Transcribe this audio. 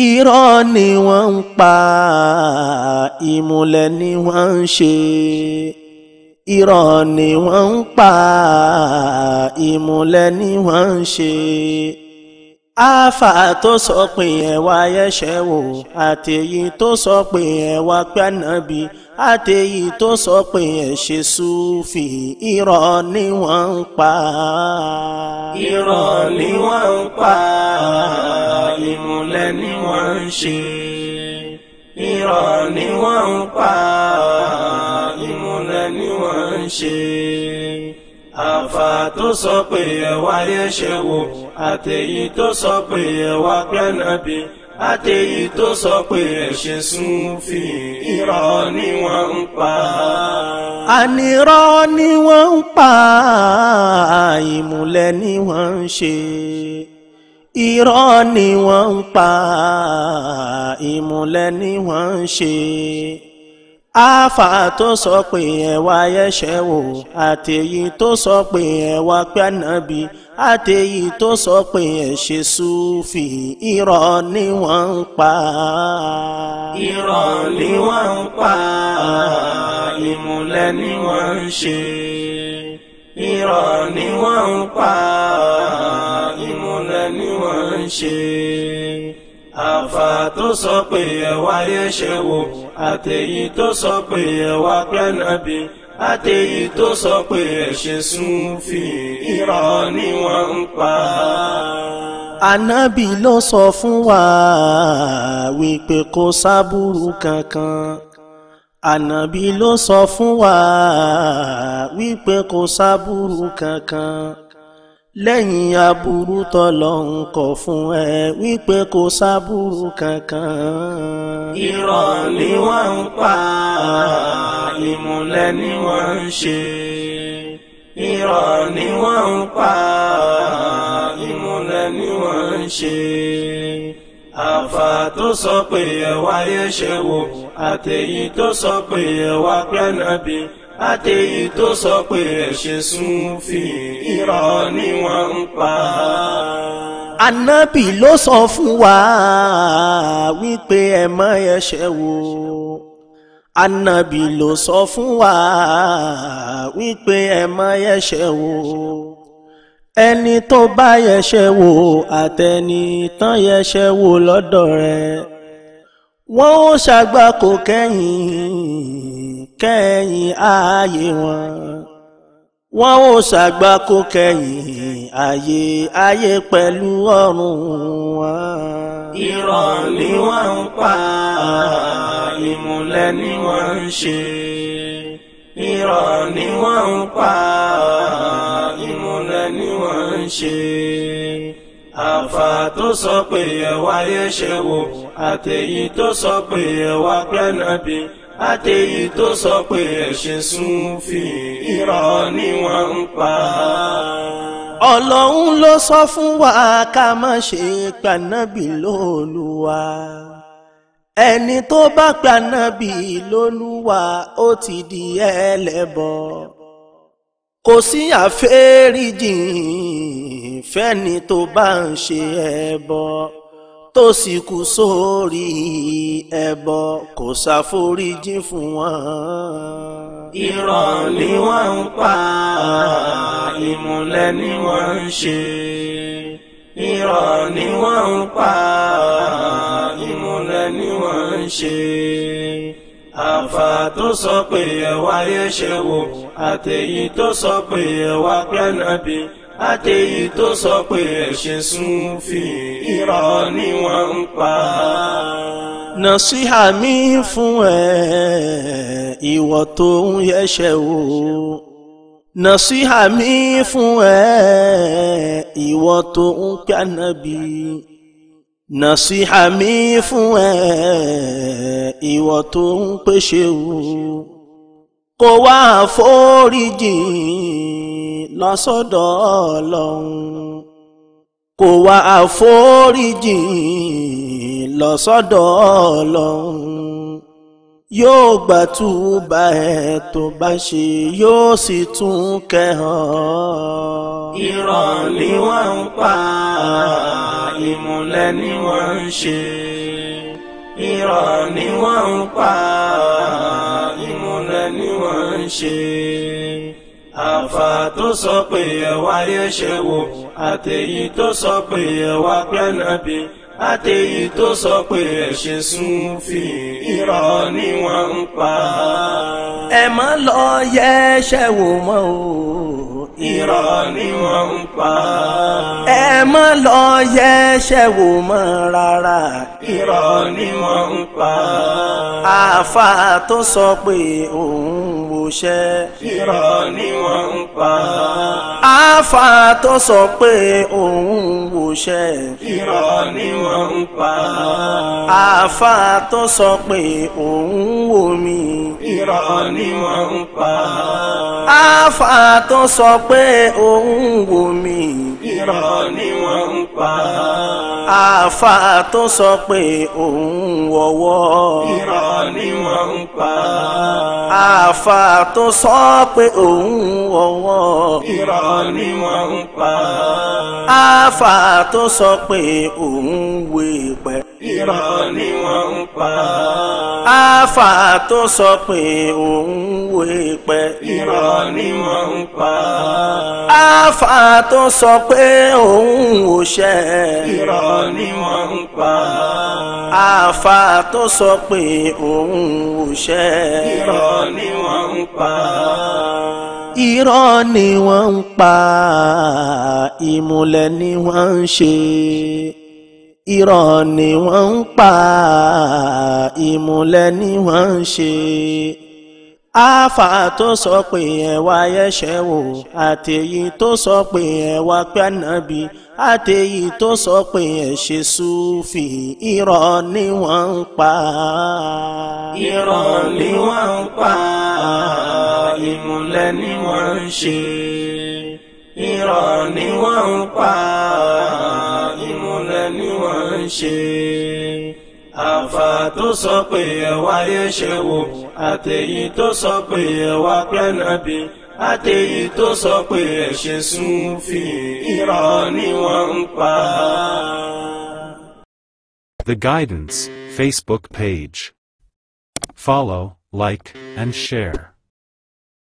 irọ́ ni wọ́n ń pa ìmùlẹ̀ ni wọ́n ń ṣe irọ́ ni wọ́n ń pa ìmùlẹ̀ ni wọ́n ń ṣe àáfà tó sọ pé ẹ wá yẹ̀ṣẹ̀ wò àtẹ̀yí tó sọ pé ẹ wá pẹ́nàbí àtẹ̀yí tó sọ pé ẹ ṣe súfì irọ́ ni wọ́n ń pa. irọ́ ni wọ́n ń pa ìmùlẹ̀ ni wọ́n ń ṣe. irọ́ ni wọ́n ń pa ìmùlẹ̀ ni wọ́n ń ṣe àfà tó sọ pé ẹwà yẹn ṣe wò àtẹ̀yí tó sọ pé ẹwà pẹ́nàbí àtẹ̀yí tó sọ pé ẹ̀ṣẹ̀ súnfì irọ́ ni wọ́n ń pa. ànírọ́ ni wọ́n ń pa ìmùlẹ̀ ni wọ́n ń ṣe irọ́ ni wọ́n ń pa ìmùlẹ̀ ni wọ́n ń ṣe àfà tó sọ pé ẹ wá yẹ̀ṣẹ̀ wò àtẹ̀yí tó sọ pé ẹ wá pẹ́nàbí àtẹ̀yí tó sọ pé ẹ ṣe sùfì irọ́ ni wọ́n ń pa. irọ́ ni wọ́n ń pa ìmùlẹ̀ ni wọ́n ń ṣe. irọ́ ni wọ́n ń pa ìmùlẹ̀ ni wọ́n ń ṣe. àfà tó sọ pé ẹ wá wò àtẹ̀yí tó sọ pé ẹ wá pẹ́nàbí àtẹ̀yí tó sọ pé ẹ ṣe súnfì irọ́ ni wọ́n ń pa. Ànábì ló sọ fún wa wípé kò sábúrú kankan. Ànábì ló sọ fún wa wípé kò sábúrú kankan lẹ́yìn aburú tọ́lọ̀ ń kọ̀ fún ẹ wípé kò sábúrú kankan. irọ́ ni wọ́n ń pa ìmùlẹ̀ ni wọ́n ń ṣe. irọ́ ni wọ́n ń pa ìmùlẹ̀ ni wọ́n ń ṣe. àfà tó sọ pé ẹ wáyé ṣe wò àtẹ̀yìn tó sọ pé ẹ wá pẹ́ nàbí àtẹ̀yí tó sọ pé ẹ̀ṣẹ̀ Súfì irọ́ ni wọ́n ń pa. Ànábì ló sọ fún wa wípé ẹ má ẹ̀ṣẹ̀ wò. Ànábì ló sọ fún wa wípé ẹ má ẹ̀ṣẹ̀ wò. Ẹni tó bá ẹ̀ṣẹ̀ wò àtẹni tán ẹ̀ṣẹ̀ wò lọ́dọ̀ rẹ̀ wọ́n ó ṣàgbákò kẹ́yìn kẹ́yìn ààyè wọn wọ́n ó ṣàgbákò kẹ́yìn ààyè ayé pẹ̀lú ọ̀run wọn. irọ́ ni wọ́n ń pa ìmùlẹ̀ ni wọ́n ń ṣe irọ́ ni wọ́n ń pa ìmùlẹ̀ ni wọ́n ń ṣe àfà tó sọ pé ẹwà yẹn ṣe wò àtẹ̀yí tó sọ pé ẹwà pẹ́nàbí àtẹ̀yí tó sọ pé ẹ̀ṣẹ̀ súnfì irọ́ ni wọ́n ń pa. ọlọ́run ló sọ fún wa ká má ṣe pànábì lóòlùwà ẹni tó bá pànábì lóòlùwà ó ti di ẹlẹ́bọ kò sí àfẹ́ríjì fẹ́ni tó bá ń ṣe ẹbọ tó sì kú sórí ẹbọ kò ṣàforíjì fún wọn. irọ́ ni wọ́n ń pa ìmùlẹ̀ ni wọ́n ń ṣe irọ́ ni wọ́n ń pa ìmùlẹ̀ ni wọ́n ń ṣe àfà tó sọ pé ẹ̀wà yẹn ṣe wò àtẹ̀yí tó sọ pé ẹ wá pílánàbì àtẹ̀yí tó sọ pé ẹ ṣe súnfì irọ́ ni wọ́n ń pa. nàṣíhà mi fún ẹ ìwọ tó ń yẹ̀ṣẹ̀ o nàṣíhà mi fún ẹ ìwọ tó ń kànábì nàṣíhà mi fún ẹ ìwọ tó ń pèsè o kó wá àforíjì lọ́sọ̀dọ̀ ọlọ́run kó wá àforíjì lọ́sọ̀dọ̀ ọlọ́run yóò gbàtúbà ẹ̀ tó bá ṣe yóò sì tún kẹ́hàn. irọ́ ni wọ́n ń pa ìmùlẹ̀ ni wọ́n ń ṣe irọ́ ni wọ́n ń pa ń ṣe. àfà tó sọ pé ẹwà yẹ ṣe wò àtẹ̀yí tó sọ pé ẹwà pẹ́nàbí àtẹ̀yí tó sọ pé ẹ̀ṣẹ̀ súnfì irọ́ ni wọ́n ń pa. ẹ má lọ yẹ ṣe wò mọ́ o irọ́ ni wọ́n ń pa. ẹ má lọ yẹ ṣẹ̀wò mọ́ rárá. irọ́ ni wọ́n ń pa. àáfàá tó sọ pé òun ṣẹ́. irọ́ ni wọ́n ń pa. àáfà tó sọ pé òun wò ṣẹ́. irọ́ ni wọ́n ń pa. àáfà tó sọ pé òun wò mí. irọ́ ni wọ́n ń pa. àáfà tó sọ pé òun wò mí. irọ́ ni wọ́n ń pa àáfàá tó sọ pé òun wọ̀wọ́. irọ́ ni wọ́n ń pa. àáfàá tó sọ pé òun wọ̀wọ́. irọ́ ni wọ́n ń pa. àáfàá tó sọ pé òun wé pẹ́. irọ́ ni wọ́n ń pa. àáfàá tó sọ pé òun wé pẹ́. irọ́ ni wọ́n ń pa àáfà tó sọ pé òun ò ṣe irọ́ ni wọ́n ń pa àáfà tó sọ pé òun ò ṣe irọ́ ni wọ́n ń pa irọ́ ni wọ́n ń pa ìmùlẹ̀ ni wọ́n ń ṣe irọ́ ni wọ́n ń pa ìmùlẹ̀ ni wọ́n ń ṣe àáfà tó sọ pé ẹ wá yẹ̀ṣẹ̀ wò àtẹ̀yí tó sọ pé ẹ wá pé ànábì àtẹ̀yí tó sọ pé ẹ ṣe sùfì irọ́ ni wọ́n ń pa. irọ́ ni wọ́n ń pa ìmùlẹ̀ ni wọ́n ń ṣe. irọ́ ni wọ́n ń pa ìmùlẹ̀ ni wọ́n ń ṣe. àáfà tó sọ pé ẹ wá yẹ̀ṣẹ̀ àtẹ̀yí tó sọ pé àtẹ̀yí tó sọ pé ṣe irọ́ ni wọ́n ń pa. The Guidance Facebook page. Follow, like, and share.